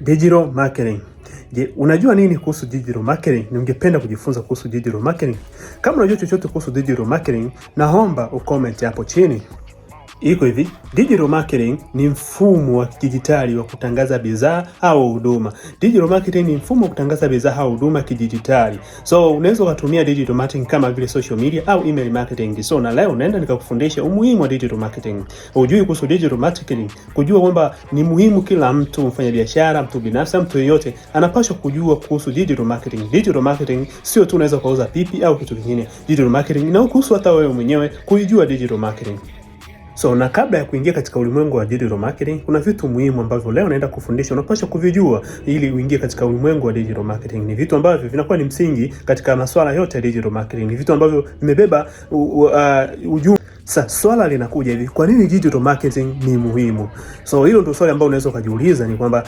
Digital marketing. Je, unajua nini kuhusu digital marketing? Ni ungependa kujifunza kuhusu digital marketing? Kama unajua chochote kuhusu digital marketing, naomba ucomment hapo chini. Iko hivi, digital marketing ni mfumo wa kidijitali wa kutangaza bidhaa au huduma. Digital marketing ni mfumo wa kutangaza bidhaa au huduma kidijitali. So unaweza kutumia digital marketing kama vile social media au email marketing. So na leo naenda nikakufundisha umuhimu wa digital marketing. Ujui kuhusu digital marketing, kujua kwamba ni muhimu, kila mtu mfanyabiashara, mtu binafsi, mtu yeyote anapaswa kujua kuhusu digital marketing. Digital marketing sio tu unaweza kuuza pipi au kitu kingine. Digital marketing inahusu hata wewe mwenyewe kuijua digital marketing. So na kabla ya kuingia katika ulimwengu wa digital marketing, kuna vitu muhimu ambavyo leo naenda kufundisha, unapaswa kuvijua ili uingie katika ulimwengu wa digital marketing. Ni vitu ambavyo vinakuwa ni msingi katika masuala yote ya digital marketing, ni vitu ambavyo vimebeba uh, ujumbe Sa, swala linakuja hivi, kwa nini digital marketing ni muhimu? So hilo ndio swali ambalo unaweza ukajiuliza, ni kwamba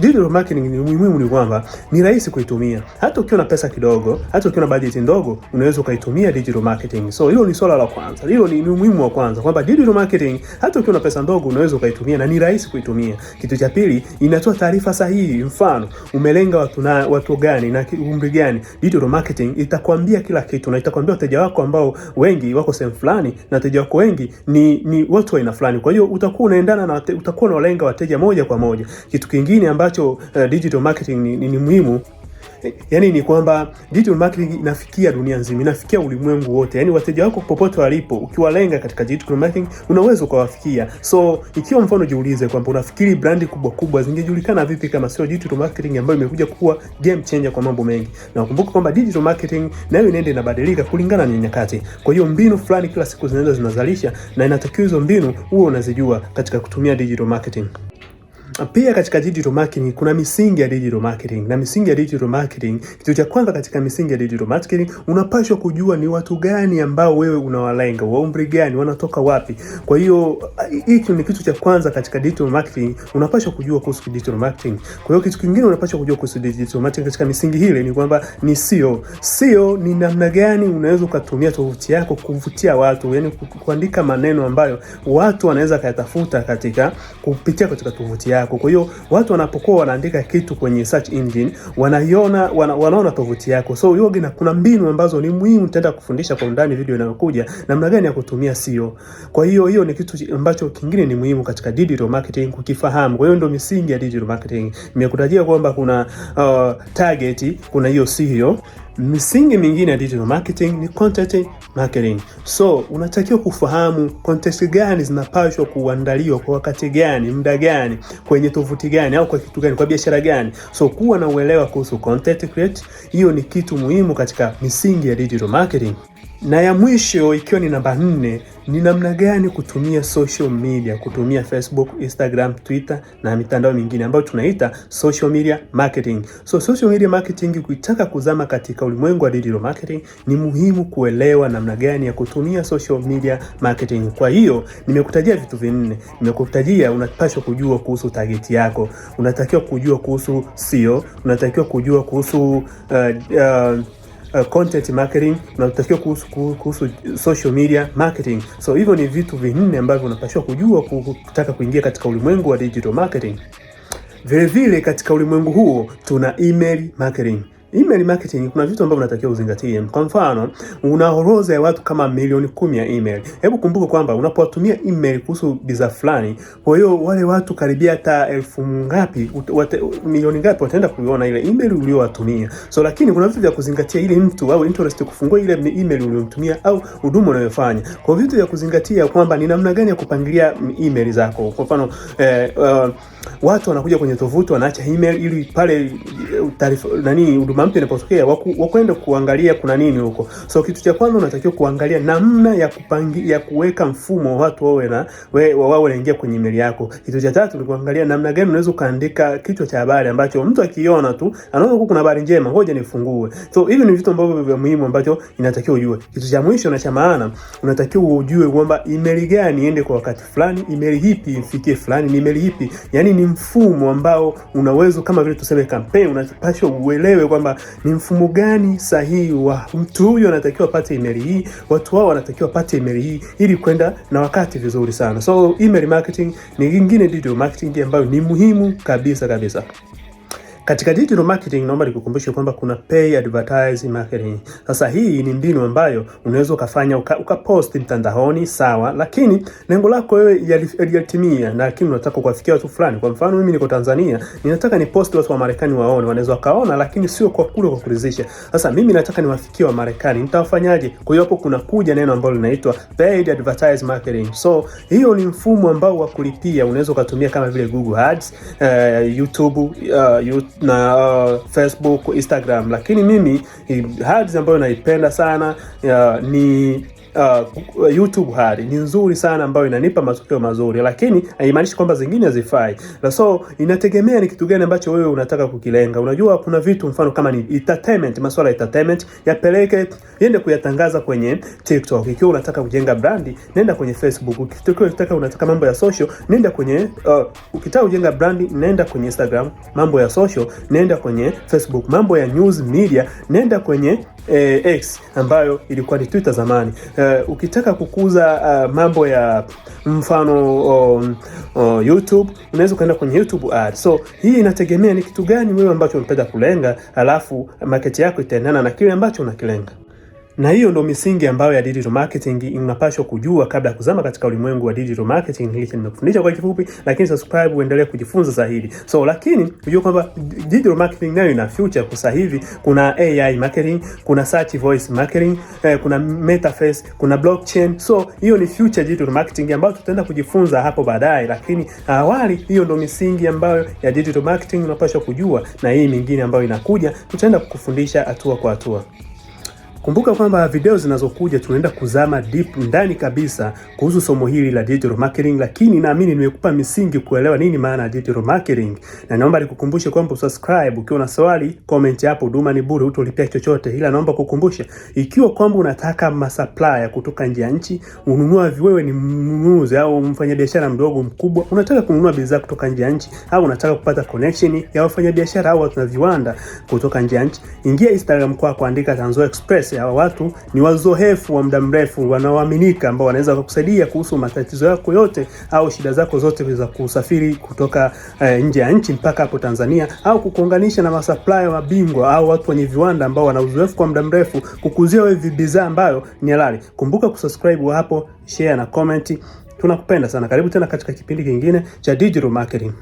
digital marketing ni muhimu, ni kwamba ni rahisi kuitumia. Hata ukiwa na pesa kidogo, hata ukiwa na budget ndogo, unaweza ukaitumia digital marketing. So hilo ni swala la kwanza, hilo ni muhimu wa kwanza, kwamba digital marketing hata ukiwa na pesa ndogo, unaweza ukaitumia na ni rahisi kuitumia. Kitu cha pili, inatoa taarifa sahihi, mfano umelenga watu na watu gani na umri gani. Digital marketing itakwambia kila kitu na itakwambia wateja wako ambao wengi wako sehemu fulani na wateja wako wengi ni ni watu wa aina fulani, kwa hiyo utakuwa unaendana na utakuwa unawalenga wateja moja kwa moja. Kitu kingine ambacho uh, digital marketing ni, ni, ni muhimu yani ni kwamba digital marketing inafikia dunia nzima, inafikia ulimwengu wote. Yani wateja wako popote walipo, ukiwalenga katika digital marketing unaweza ukawafikia. So ikiwa mfano, jiulize kwamba unafikiri brandi kubwa kubwa zingejulikana vipi kama sio digital marketing ambayo imekuja kuwa game changer kwa mambo mengi, na ukumbuke kwamba digital marketing nayo inaenda inabadilika kulingana na nyakati. Kwa hiyo mbinu fulani kila siku zinaenda zinazalisha, na inatakiwa hizo mbinu huo unazijua katika kutumia digital marketing. Pia katika digital marketing kuna misingi ya digital marketing, na misingi ya digital marketing, kitu cha kwanza katika misingi ya digital marketing unapaswa kujua ni watu gani ambao wewe unawalenga, wa umri gani, wanatoka wapi. Kwa hiyo hiki ni kitu cha kwanza katika digital marketing unapaswa kujua kuhusu digital marketing. Kwa hiyo kitu kingine unapaswa kujua kuhusu digital marketing katika misingi hile ni kwamba ni SEO. SEO ni namna gani unaweza ukatumia tovuti yako kuvutia watu, yani kuandika maneno ambayo watu wanaweza kayatafuta katika kupitia katika tovuti yako yako. Kwa hiyo watu wanapokuwa wanaandika kitu kwenye search engine wanaiona, wana, wanaona tovuti yako. So Yogi, na kuna mbinu ambazo ni muhimu, nitaenda kufundisha kwa undani video inayokuja namna gani ya kutumia SEO. Kwa hiyo hiyo ni kitu ambacho kingine ni muhimu katika digital marketing kukifahamu. Kwa hiyo ndio misingi ya digital marketing. Nimekutajia kwamba kuna uh, target, kuna hiyo SEO. Misingi mingine ya digital marketing ni content marketing. So unatakiwa kufahamu context gani zinapaswa kuandaliwa kwa wakati gani, muda gani, kwenye tovuti gani, au kwa kitu gani, kwa biashara gani. So kuwa na uelewa kuhusu content create, hiyo ni kitu muhimu katika misingi ya digital marketing na ya mwisho ikiwa ni namba nne ni namna gani kutumia social media, kutumia Facebook, Instagram, Twitter na mitandao mingine ambayo tunaita social media marketing. So social media marketing, ukitaka kuzama katika ulimwengu wa digital marketing, ni muhimu kuelewa namna gani ya kutumia social media marketing. Kwa hiyo nimekutajia vitu vinne, nimekutajia unapaswa kujua kuhusu target yako, unatakiwa kujua kuhusu SEO, unatakiwa kujua kuhusu uh, uh, uh, content marketing, tunatakiwa kuhusu, kuhusu social media marketing. So hivyo ni vitu vinne ambavyo unapaswa kujua kutaka kuingia katika ulimwengu wa digital marketing. Vilevile katika ulimwengu huo tuna email marketing email marketing kuna vitu ambavyo unatakiwa uzingatie. Kwa mfano, una orodha ya watu kama milioni kumi ya email. Hebu kumbuka kwamba unapowatumia email kuhusu bidhaa fulani, kwa hiyo wale watu karibia hata elfu ngapi wate, milioni ngapi wataenda kuiona ile email uliyowatumia. So lakini kuna vitu vya kuzingatia ili mtu au interest kufungua ile email uliyomtumia au huduma unayofanya. Kwa vitu vya kuzingatia kwamba ni namna gani ya kupangilia email zako. Kwa mfano eh, uh, watu wanakuja kwenye tovuti wanaacha email ili pale eh, taarifa nani huduma maafa mtu inapotokea wakwenda kuangalia kuna nini huko. So kitu cha kwanza unatakiwa kuangalia namna ya kupangi, ya kuweka mfumo wa watu wawe na wao wanaingia kwenye email yako. Kitu cha tatu ni kuangalia namna gani unaweza ukaandika kichwa cha habari ambacho mtu akiona tu anaona huko kuna habari njema, ngoja nifungue. So hivi ni vitu ambavyo vya muhimu ambacho inatakiwa ujue. Kitu cha mwisho na cha maana unatakiwa ujue kwamba email gani iende kwa wakati fulani, email ipi ifikie fulani, ni email ipi. Yani ni mfumo ambao unaweza kama vile tuseme campaign, unapaswa uelewe kwamba ni mfumo gani sahihi wa mtu huyu anatakiwa apate email hii, watu wao wanatakiwa apate email hii ili kwenda na wakati vizuri sana. So email marketing ni nyingine digital marketing ambayo ni muhimu kabisa kabisa. Katika digital marketing naomba nikukumbushe kwamba kuna pay advertising marketing. Sasa hii ni mbinu ambayo unaweza ukafanya ukapost uka mtandaoni sawa, lakini lengo lako wewe yalitimia, lakini unataka kuwafikia watu fulani. Kwa mfano mimi niko Tanzania, ninataka ni post watu wa Marekani waone, wanaweza wakaona, lakini sio kwa kule kwa kuridhisha. Sasa mimi nataka niwafikie wa Marekani, nitawafanyaje? Kwa hiyo hapo kuna kuja neno ambalo linaitwa paid advertising marketing. So hiyo ni mfumo ambao wa kulipia, unaweza ukatumia kama vile Google Ads, uh, YouTube, uh, YouTube na uh, Facebook, Instagram, lakini mimi ads ambayo naipenda sana uh, ni uh, YouTube hali ni nzuri sana ambayo inanipa matokeo mazuri, lakini haimaanishi kwamba zingine hazifai. Na So inategemea ni kitu gani ambacho wewe unataka kukilenga. Unajua kuna vitu mfano kama ni entertainment, masuala ya entertainment yapeleke, yende kuyatangaza kwenye TikTok. Ikiwa unataka kujenga brandi, nenda kwenye Facebook. Ikiwa unataka unataka mambo ya social, nenda kwenye uh, ukitaka kujenga brandi, nenda kwenye Instagram, mambo ya social, nenda kwenye Facebook, mambo ya news media, nenda kwenye e, X ambayo ilikuwa ni Twitter zamani. Uh, ukitaka kukuza uh, mambo ya mfano um, uh, YouTube unaweza ukaenda kwenye YouTube ad. So hii inategemea ni kitu gani wewe ambacho unapenda kulenga, alafu market yako itaendana na kile ambacho unakilenga na hiyo ndo misingi ambayo ya digital marketing unapaswa kujua kabla ya kuzama katika ulimwengu wa digital marketing. Hiki nimekufundisha kwa kifupi, lakini subscribe uendelee kujifunza zaidi. So lakini unajua kwamba digital marketing nayo ina future. Kwa sasa hivi kuna AI marketing, kuna search voice marketing, eh, kuna metaverse, kuna blockchain. So hiyo ni future digital marketing ambayo tutaenda kujifunza hapo baadaye, lakini awali hiyo ndo misingi ambayo ya digital marketing unapaswa kujua, na hii mingine ambayo inakuja tutaenda kukufundisha hatua kwa hatua. Kumbuka kwamba video zinazokuja tunaenda kuzama deep ndani kabisa kuhusu somo hili la digital marketing, lakini naamini nimekupa misingi kuelewa nini maana ya digital marketing, na naomba nikukumbushe kwamba subscribe. Ukiwa na swali comment hapo, huduma ni bure, utolipia chochote, ila naomba kukumbusha, ikiwa kwamba unataka masupplier kutoka nje ya nchi ununua, wewe ni mnunuzi au mfanyabiashara mdogo mkubwa, unataka kununua bidhaa kutoka nje ya nchi au unataka kupata connection ya wafanyabiashara au watu na viwanda kutoka nje ya nchi, ingia Instagram kwako, andika Tanzo Express basi hawa watu ni wazoefu wa muda mrefu wanaoaminika, ambao wanaweza kukusaidia kuhusu matatizo yako yote au shida zako zote za kusafiri kutoka eh, nje ya nchi mpaka hapo Tanzania, au kukuunganisha na masuplaya mabingwa au watu wenye viwanda ambao wana uzoefu kwa muda mrefu kukuzia wewe bidhaa ambayo ni halali. Kumbuka kusubscribe hapo, share na comment. Tunakupenda sana. Karibu tena katika kipindi kingine cha Digital Marketing.